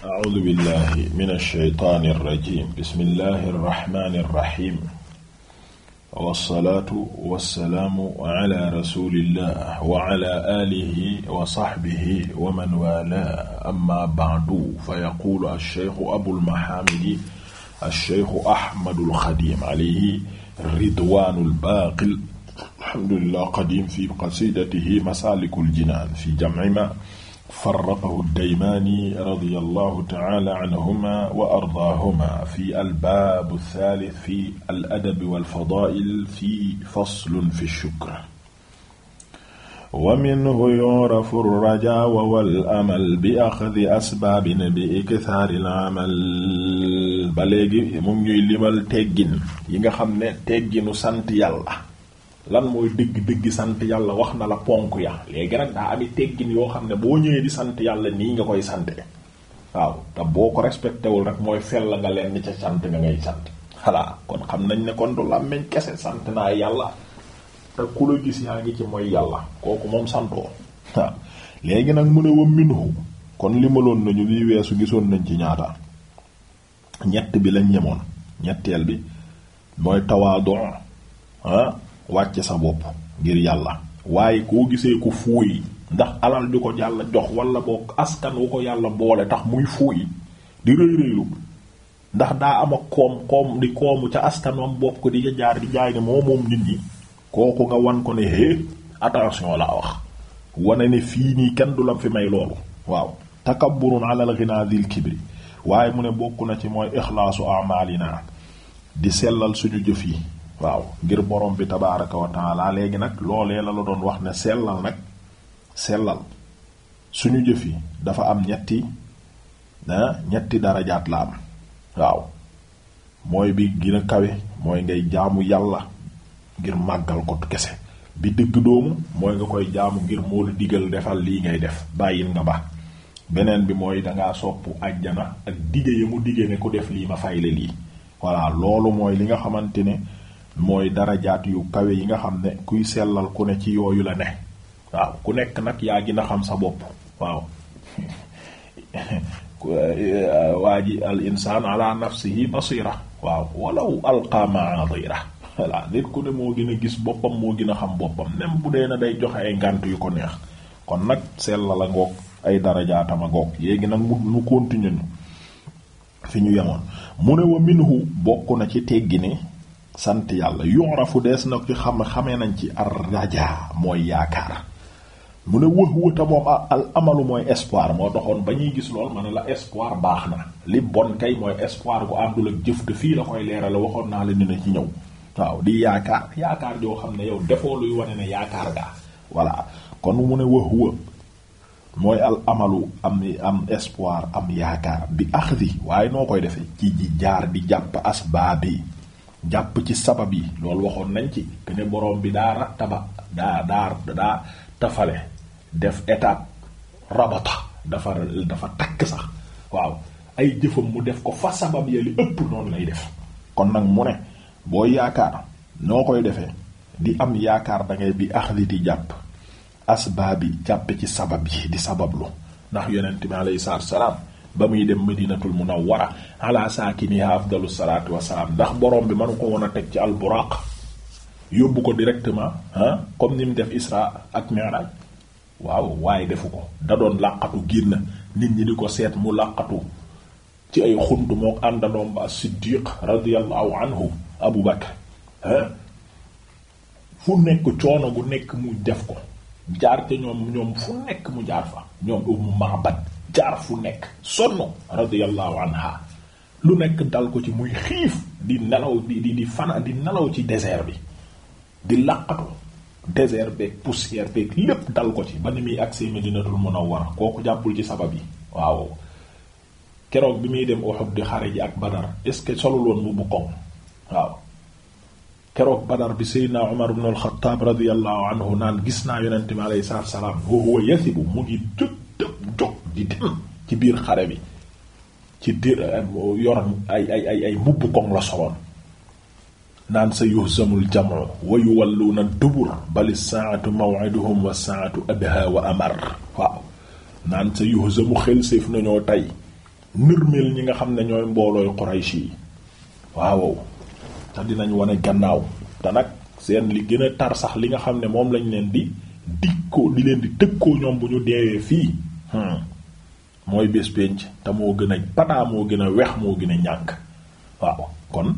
A'uuzu billaahi mina shaytaani rajiim bismillaahi rahmaani rahiim. Wassalaatu wassalaamu alaa rasuulillaah wa alaa aalihi wa sahbihi wa man waalaahu ammaa ba'du fa yaquulu ash-shaykhu abul mahaamidi ash-shaykhu Ahmadul Xadiim alayhi ridwaanul baaqil alhamdulillah qadiim fi qasiidatihi masaalikul jinaan fi jam'i maa farraqahu daymaani radiyallahu ta'ala anhuma wa ardaahuma fi albaabu thaalith fi al-adabi wal fadaa'il fi faslun fi shukr wa minhu yu'rafu ar-rajaa'a wal amal bi axdi asbaabin bi ikthaari al-amal ba léegi moom ñuy limal teggin yi nga xam ne tegginu sant yàlla lan mooy dëgg-dëgg sant yàlla wax na la ponk ya léegi nag daa ami teggin yoo xam ne boo ñëwee di sant yàlla nii nga koy sante waaw te boo ko respecté wul rek mooy fel nga leen ni ca sant nga ngay sant voilà kon xam nañ ne kon du làmmiñ kese sant naa yàlla te ku la gis yaa ngi ci mooy yàlla kooku moom santoo waaw léegi nag mu ne wa minhu kon limaloon ñu bi weesu gisoon nañ ci ñaata ñett bi lañ ñemoon ñetteel bi mooy tawaadu ah wàcce sa bopp ngir yàlla waaye koo gisee ku fuuy ndax alal ju ko yàlla jox walla boo askan wu ko yàlla boole tax muy fuuy di rëy rëylu ndax daa am ak koom koom di koomu ca askanam bopp ko di jaar di jaay ne nit ñi kooku wan ko ne hé attention laa wax wane ne fii nii kenn du la fi may loolu waaw takabburun ala al-ghina dhil kibri waaye mu ne bokk na ci mooy ixlaasu amaalina di sellal suñu jëf yi waaw ngir borom bi tabaaraka wa léegi nag loolee la la doon wax ne sellal nag sellal suñu jëf yi dafa am ñetti ah, ñetti darajaat la am waaw mooy bi gën kawe mooy ngay jaamu yàlla ngir màggal ko kese bi dëgg doomu mooy nga koy jaamu ngir moo la digal defal lii ngay def bàyyil nga ba beneen bi mooy danga sopp àjjana ak dige ya mu dige ne ku def lii ma fayle lii voilà loolu mooy li nga xamante ne mooy darajaat yu kawe yi nga xam ne kuy sellal ku ne ci yooyu la ne waaw ku nekk nag yaa gën a xam sa bopp waaw eh, waa ji al insaan ala nafsihi basira waaw walaw alqa ma'adira voilà nit ku ne moo gën a gis boppam moo gën a xam boppam même bu dee na day joxe ay ngànt yu ko neex kon nag sellal a ngoog ay darajaatama ngoog yéegi nag mu mu continuer fi ñu yemoon mu ne wa minhu bokk na ci teggi ni sant yàlla fu dees na ci xam xamee nañ ci ar raja mooy yaakaar mu ne wëx wëta moom al amalu mooy espoir moo taxoon ba ñuy gis lool ma ne la espoir baax na li bon kay mooy espoir gu àndul ak jëf te fii la koy leerale waxoon naa la dina ci ñëw waaw di yaakaar yaakaar joo xam ne yow defoo luy wane ne yaakaar gaa voilà kon mu ne wëx mooy al amalu am am espoir am yaakaar bi axdi waaye noo koy defee ci jaar di jàpp asbaabi jàpp ci sabab yi loolu waxoon nañ ci que ne borom bi daa rattaba daa daa daa tafale def étape rabata dafa dafa takk sax waaw ay jëfam mu def ko fa sabab ya li ëpp noonu lay def kon nag mu ne boo yaakaar noo koy defee di am yaakaar da bi axli di jàpp asbaab yi jàpp ci sabab yi di sabablu ndax yonent bi alayhi salaatu wa salaam ba muy dem madinatul munawwara ala saakiniha afdalu salaatu wasalaam ndax borom bi mënu ko woon a teg ci alburaq yóbbu ko directement ah comme ni mu def isra ak mi'raj waaw waaye defu ko da doon làqatu génn nit ñi di ko seet mu làqatu ci ay xunt moo àndandoom ba siddiq radiallahu anhu abu bakar fu nekk coono gu nekk mu def ko jaar te ñoom ñoom fu nekk mu jaar fa ñoom umu mahbat jaar fu nekk sonn radiyallahu anha lu nekk dal ko ci muy xiif di nelaw bi di fana di nelaw ci désert bi di làqatu désert beeg poussière beeg lépp dal ko ci ba ni muy agsi Madinatul Munawwara kooku jàppul ci sabab yi waaw keroog bi muy dem Uhud di xare ji ak Badar est-ce que solul woon waaw keroog Badar bi Seydina Umar ibn al-Khattab anhu naan gis naa yonente bi alayhi salaam wa huwa yasibu mu ngi jut ci biir xare bi ci dir eh, yor ay ay ay ay mbubb la soloon naan sa yuhzamul jamu wa yuwalluna dubur bali saatu maw'iduhum wa saatu adha wa amar waaw naan sa yuhzamu xel séef nañoo tey nërmeel ñi nga xam ne ñooy mboolooy Quraysh yi waaw te dinañ wane gannaaw te nag seen li gën tar sax li nga xam ne moom lañ leen di dikkoo di leen di tëkkoo ñoom bu ñu deewee fii hmm. mooy bés pénc te moo gën a pataa moo gën a wex moo gën a ñànk waaw kon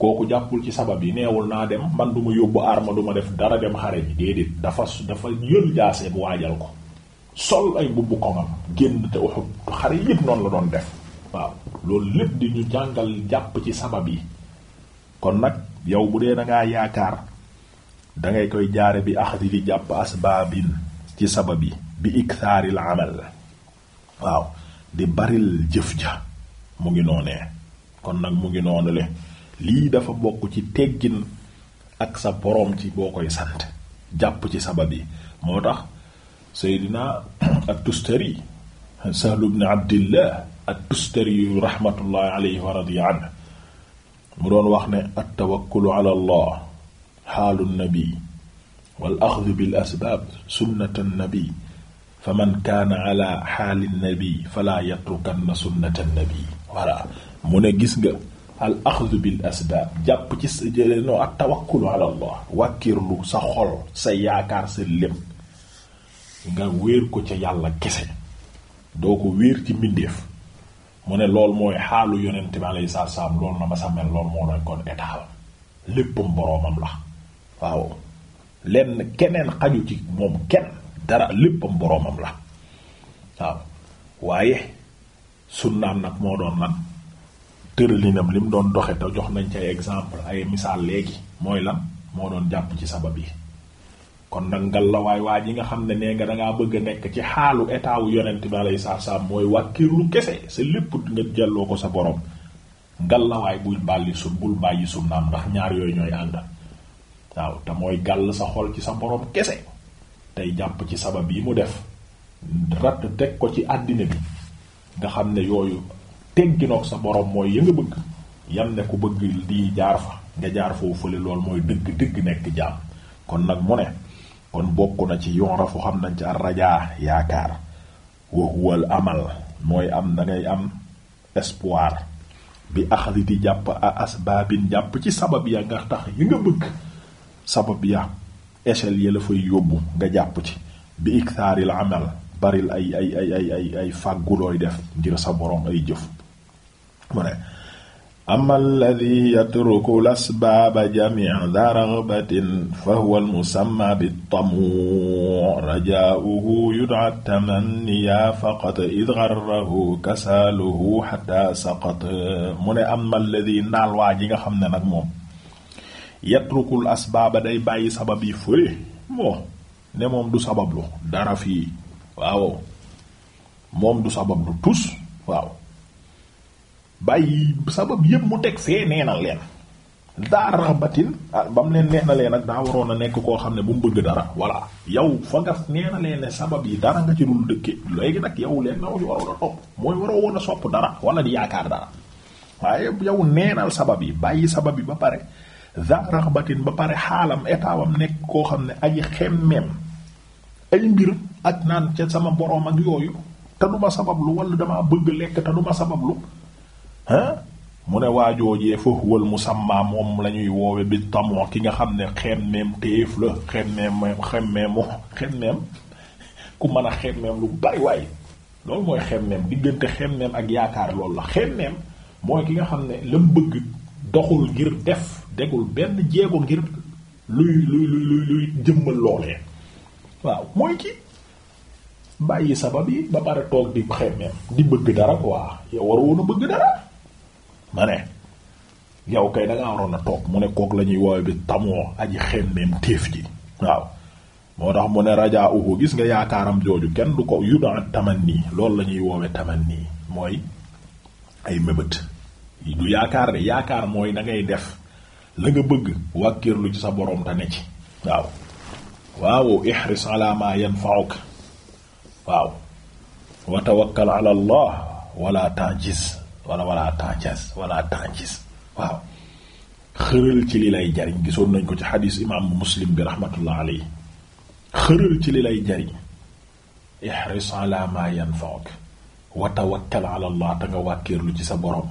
kooku jàppul ci sabab yi neewul naa dem man du ma yóbbu arma du ma def dara dem xare ji déedéet dafa dafa yël jaasee bu waajal ko sol ay bubbu koŋam génn te Uhud xare yépp noonu la doon def waaw loolu lépp di ñu jàngal jàpp ci sabab yi kon nag yow bu dee da yaakaar dangay koy jaare bi axdi li jàpp asbaabin ci sabab yi bi iksaaril amal waaw di baril jëf ja mu ngi noonee kon nag mu ngi noonu le lii dafa bokk ci teggin ak sa boroom ci boo koy sant jàpp ci sabab yi moo tax Seydina at-Tustari Sahl ibn Abdillah at-Tustari yu wa radiya mu doon wax ne at-tawakkulu ala Allah xaalu nabi wal axdu bil asbaab sunnatu nabi fa man kaana ala xaali nabi fala yatrukanna sunnata nabi voilà mu ne gis nga al axdu bil asbaab jàpp ci sa no ak tawakkulu ala allah wàkkirlu sa xol sa yaakaar sa lém nga wéer ko ca yàlla kese doo ko wéer ci mbindeef mu ne lool mooy xaalu yonent bi alayhi salaatu salaam loolu na ma sa mel lool moo doon kon état léppam boroomam la waaw lenn keneen xaju ci moom kenn dara léppam boromam la waaw waaye sunnaam nag moo doon lan tëralinam li mu doon doxe te jox nañ ca exemple ay misaal léegi mooy lan moo doon jàpp ci sabab yi kon nag ngal la waa ji nga xam ne nee nga dangaa bëgg a nekk ci xaalu état wu yonent bi alayhi salaam mooy wàkkirlu kese sa lépp nga jàlloo ko sa borom ngal la bul bàlli sun bul bàyyi sunnaam ndax ñaar yooyu ñooy ànd waaw te mooy gàll sa xol ci sa borom kese tey jàpp ci sabab yi mu def ratt teg ko ci àddina bi nga xam ne yooyu tegginoog sa boroom mooy ya bëgg yam ne ku bëgg di jaar fa nga jaar foofu fële lool mooy dëgg dëgg nekk jaam kon nag mu ne kon bokk na ci yoon rafu xam nañ ci ar rajaa yaakaar wa huwa amal mooy am da am espoir bi axliti jàpp a asbaabin jàpp ci sabab ya nga tax yi nga bëgg sabab ya échelle ya la fay yóbbu nga jàpp ci bi iktaaril amal baril ay ay ay ay ay ay fàggulooy def ngir sa boroom ay jëf mu ne ama alladi yatruku lasbaaba jamic da ragbatin fa huwa almusamma bittamu rajaauhu yudca tamanniya faqat id garrahu kasaaluhu xata saqat mu ne ama alladi naal waa ji nga xam ne nag moom yatrukul asbaaba day bàyyi sabab yi fële moo ne moom du sabablu dara fii waaw moom du sabablu tus waaw bàyyi sabab yépp mu teg fee nee na leen daara raxbatin ba mu leen nee na ak daa waroon a nekk koo xam ne bu mu bëgg dara voilà yow fa nga nee na sabab yi dara nga ci dul dëkke léegi nag yow leen naw si waroon a topp mooy waroo woon a sopp dara wala di yaakaar dara waaye yow neenal sabab yi bàyyi sabab yi ba pare za raxbatin ba pare xaalam état wam nekk koo xam ne aji xemmeem ay mbir ak naan ca sama boroom ak yooyu te du ma sabablu wala damaa bëgg lekk te du ma sabablu ah mu ne waajoojee fa huwal musamma moom la ñuy woowe bi tamoo ki nga xam ne xemmeem téef la xemmeem xemmeemu xemmeem ku mën a xemmeem lu bari waaye loolu mooy xemmeem diggante xemmeem ak yaakaar loolu la xemmeem mooy ki nga xam ne lam bëgg doxul ngir def tegul benn jéego ngir luy luy luy luy jëmmal loolee waaw mooy ki bàyyi sabab yi ba pare toog di xemmeem di bëgg dara quoi yow war a bëgg dara ma ne yow kay da ngaa waroon a toog mu ne kook la ñuy woowe bi tamoo aji xemmeem téef ji waaw moo tax mu ne rajaa uhu gis nga yaakaaram jooju kenn du ko yuda tamanni loolu la ñuy woowe tamanni mooy ay mébét du yaakaar de yaakaar mooy na def la nga bëgg wàkkirlu ci sa borom te ne ci waaw waaw ihris ala ma yanfa'uk waaw wa tawakkal ala allah wala ta'jiz wala wala ta'jiz wala waaw xëral ci li lay jariñ gisoon nañ ko ci xadiis imam muslim bi rahmatullah alayhi xëral ci li lay jariñ ihris ma yanfa'uk wa tawakkal ala te nga wàkkirlu ci sa borom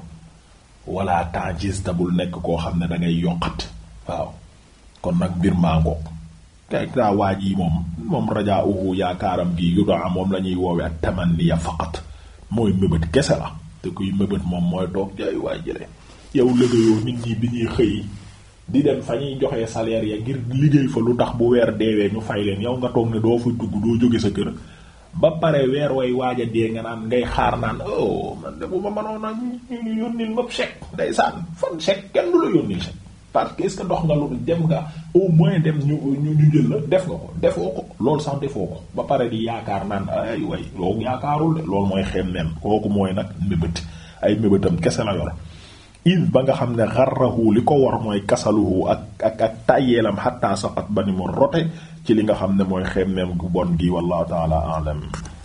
wala ta'jiz tabul nekk koo xam ne dangay ngay yokkat waaw kon nag mbir maangoog teg daa waaj yi moom moom rajaa uhu yaakaaram gi yu daa moom la ñuy woowe ak tamanniya faqat mooy mëbët kese la te kuy mébét moom mooy toog jaay waay jële yow liggéeyoo nit ñi bi ñuy xëy di dem fa ñuy joxee salaire ya ngir liggéey fa lu tax bu weer deewee ñu fay leen yow nga toog ne doo fa dugg doo jóge sa kër ba pare weer way waaja a dee nga naan ngay xaar naan oh man de ba ma a ñu yónnil ma chèque ndeysaan fan chèque kenn du la que est-ce que dox nga loolu nga au moins dem ñu ñu ñu jël la def nga ko defoo ko loolu sax defoo ko ba pare di yaakaar naan ay way loolu yaakaarul loolu mooy xem nen kooku mooy nag mébét ay mébétam kese la yor id ba nga xam ne xarrahu li ko war mooy kasalu ak ak ak tàyyeelam xatta saqat ba ni mu rote ci li nga xam ne mooy xemmeem gu bon gi wallahu taala alam